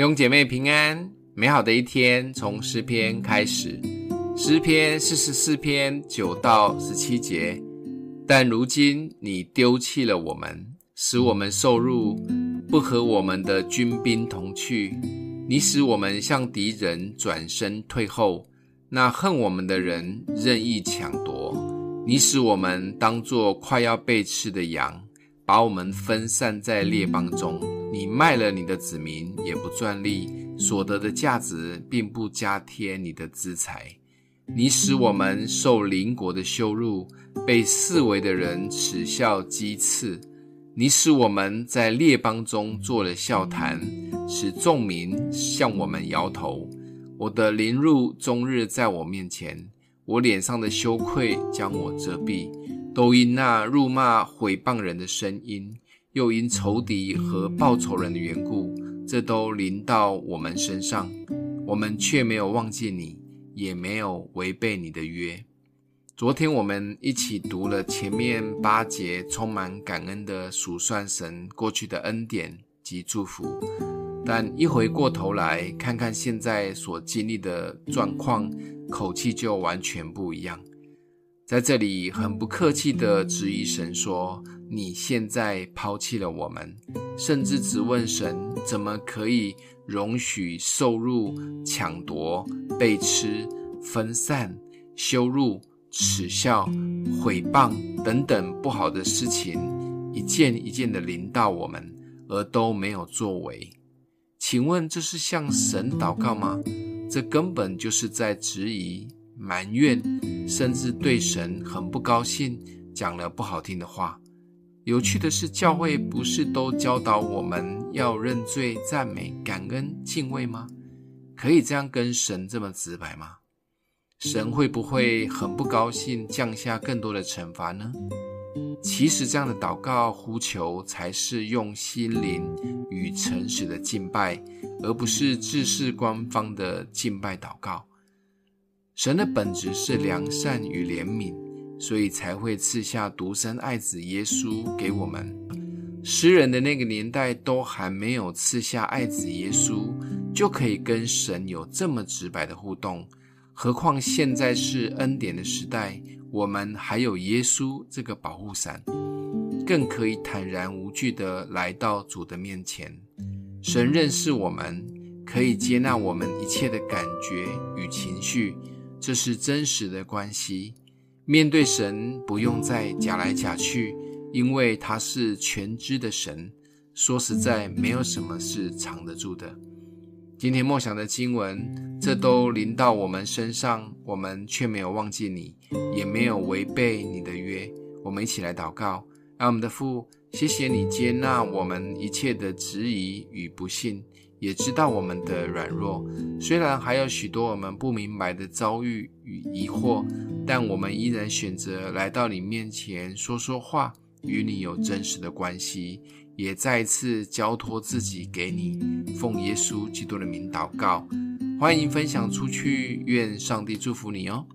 弟兄姐妹平安，美好的一天從詩篇開始。詩篇四十四篇九到十七節。但如今你丟棄了我們，使我們受辱，不和我們的軍兵同去。你使我們向敵人轉身退後，那恨我們的人任意搶奪。你使我們當作快要被吃的羊，把我們分散在列邦中。你賣了你的子民，也不賺利，所得的價值並不加添你的資財。你使我們受鄰國的羞辱，被四圍的人嗤笑譏刺。你使我們在列邦中做了笑談，使眾民向我們搖頭。我的凌辱終日在我面前，我臉上的羞愧將我遮蔽，都因那辱罵毀謗人的聲音。又因仇敵和報仇人的緣故，這都臨到我們身上，我們卻沒有忘記你，也沒有違背你的約。昨天我們一起讀了前面八節，充滿感恩的數算神過去的恩典及祝福，但一回過頭來看看現在所經歷的狀況，口氣就完全不一樣。在這裡很不客氣地質疑神說：“你現在拋棄了我們，甚至質問神，怎麼可以容許受辱、搶奪、被吃、分散、羞辱、恥笑、毀謗等等不好的事情，一件一件地臨到我們，而都沒有作為？請問這是向神禱告嗎？這根本就是在質疑。”埋怨，甚至對神很不高興，講了不好聽的話。有趣的是，教會不是都教導我們要認罪、讚美、感恩、敬畏嗎？可以這樣跟神這麼直白嗎？神會不會很不高興，降下更多的懲罰呢？其實，這樣的禱告呼求，才是用心靈與誠實的敬拜，而不是制式官方的敬拜禱告。神的本質是良善與憐憫，所以才會賜下獨生愛子耶穌給我們。詩人的那個年代都還沒有賜下愛子耶穌，就可以跟神有這麼直白的互動，何況現在是恩典的時代，我們還有耶穌這個保護傘，更可以坦然無懼地來到主的面前。神認識我們，可以接納我們一切的感覺與情緒。這是真實的關係。面對神，不用再假來假去，因為他是全知的神。說實在，沒有什麼是藏得住的。今天默想的經文，這都臨到我們身上，我們卻沒有忘記你，也沒有違背你的約。我們一起來禱告，愛我們的父，謝謝你接納我們一切的質疑與不信。也知道我們的軟弱，雖然還有許多我們不明白的遭遇與疑惑，但我們依然選擇來到你面前說說話，與你有真實的關係，也再一次交託自己給你，奉耶穌基督的名禱告。歡迎分享出去，願上帝祝福你哦。